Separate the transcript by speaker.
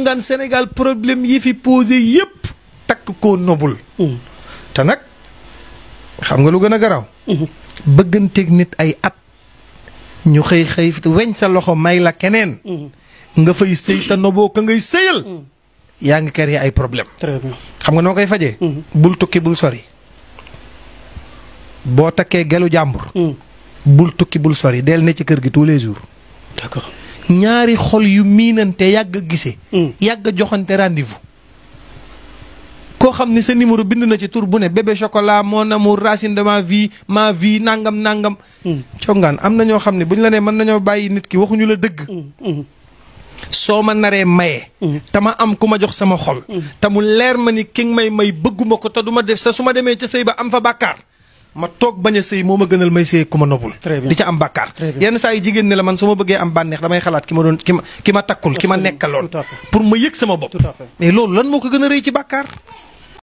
Speaker 1: ngaan Senegal problème yi fi posé yépp tak ko nobul mm-hmm. ta nak xam nga lu gëna graw mm-hmm. bëggante nit ay at ñu xey xëy weñ sa loxo may la kenen mm-hmm. nga fay sey ta nobo ka ngay ya nga créer ay problème xam nga noo koy bul tukki bul sori bo takkee gelu jàmbur mm. bul tukki bul sori del ne ci kër gi tous les jours d'accord ñaari xol yu miinante yàgg a gisee. Mm. yàgg a joxante rendez koo xam ne sa numéro bind na ci tur bu ne bébé chocolat mon amour racine de ma vie ma vie nangam nangam. Mm. congaan am na ñoo xam ne bu ñu la nee mën nañoo bàyyi nit ki waxuñu la dëgg. Mm, soo ma naree maye. te ma am ku ma jox sama xol. te mu leer ma ni ki nga may may bëgguma ko te du ma def sa su ma demee ca sëy ba am fa bàkkaar. ma toog bañ a sëy moo ma gënal may sëy ku ma noppul di ca am bàkkaar yenn saa yi jigéen ne la man su ma bëggee am bànneex damay xalaat ki ma doon ki ma ki ma takkul ki ma nekkaloon pour ma yëg sama bopp mais loolu lan moo ko gën a rëy ci bàkkaar